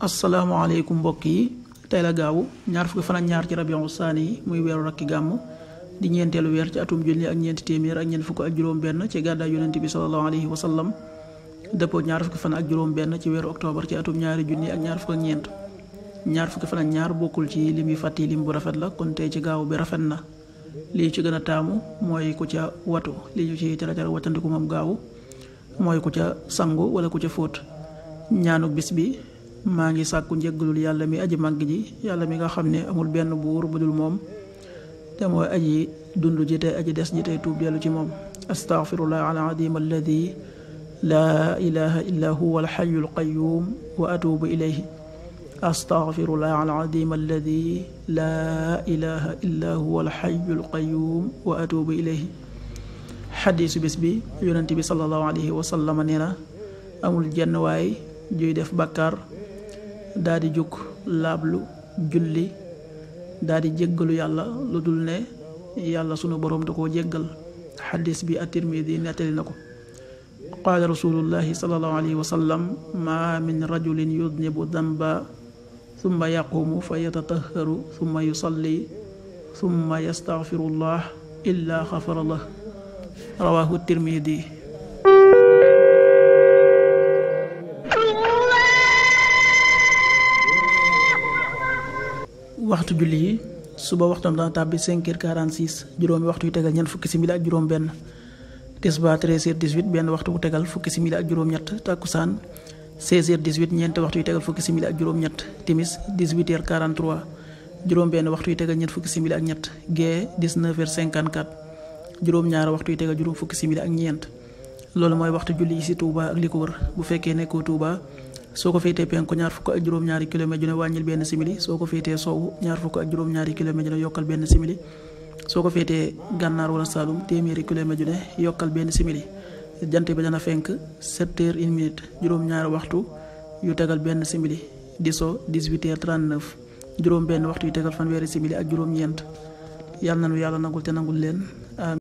asalaamaaleykum mbokk yi tey la gaawu ñaar fukki fan ñaar ci rabion saani yi muy weeru rakki gàmm di ñeenteelu weer ci atum junni ak ñeenti téeméer ak ñeent fukk ak juróom-benn ci gàddaay yonent bi sallallahu alayhi wa sallam dëppoo ñaar fukki fan ak juróom-benn ci weeru octobre ci atum ñaari junni ak ñaar ñeent ñaar fukki fan ñaar bokkul ci lim yi fàtti lim bu rafet la kon tey ci gaaw bi rafet na lii ci gën a taamu mooy ku ca watu li ñu ci tere tere wattandiku moom gaawu mooy ku ca sangu wala ku ca fóot ñaanu bis bi maa ngi sàkku njëggalul yàlla mi aji màgg ji yàlla mi nga xam ne amul benn buur bu dul moom te mooy aji dund ji tey aji des ji tey tuub dellu ci moom astaghfirullah al azim alladi laa ilaha illa huwa al xayu al qayum wa atubu ilayhi astaghfirullah al azim alladi laa ilaha illa huwa al xayu al qayum wa atubu ilayhi xadiisu bis bi yonent bi sallallahu alayhi wa sallam nee na amul jenn waay juy def bàkkaar daal di jóg laablu julli daal di yàlla lu dul ne yàlla sunu borom da koo jéggal xadis bi at-Tirmidi nettali na ko qaala rasulullahi sallallahu alayhi wa maa min rajulin yudnibu damba summa yaqumu fa yatatahharu summa yusalli summa yastaghfirullah illa xafara lah rawahu at waxtu julli yi suba waxtam dana tàbbi 5 heures 46 juróomi waxtu yu tegal ñeent fukki simili ak juróom benn tisbaar 13 heures 18 benn waxtu bu tegal fukki simili ak juróom ñett takkusaan 16 heures 18 ñeent waxtu yu tegal fukki simili ak juróom ñett timis 18 heures 43 juróom benn waxtu yu tegal ñeent fukki simili ak ñett gee 19 heures 54 juróom ñaar waxtu yu tegal juróom fukki simili ak ñeent loolu mooy waxtu julli yi ci Touba ak li ko wër bu fekkee nekkoo Touba soo ko féetee penku ñaar fukk ak juróom-ñaari kilomètre ju ne wàññil benn simili soo ko féetee sowwu ñaar fukk ak juróom-ñaari kilomètre ju ne yokkal benn simili soo ko féetee gànnaar wala saalum téeméeri kilomètre ju ne yokkal benn simili jant bi dana fenk 7 heures 1 minute juróom-ñaari waxtu yu tegal benn simili di so 18 heures 39 juróom benn waxtu yu tegal fanweeri simili ak juróom-ñeent yàlla na nu yàlla nangul te nangul leen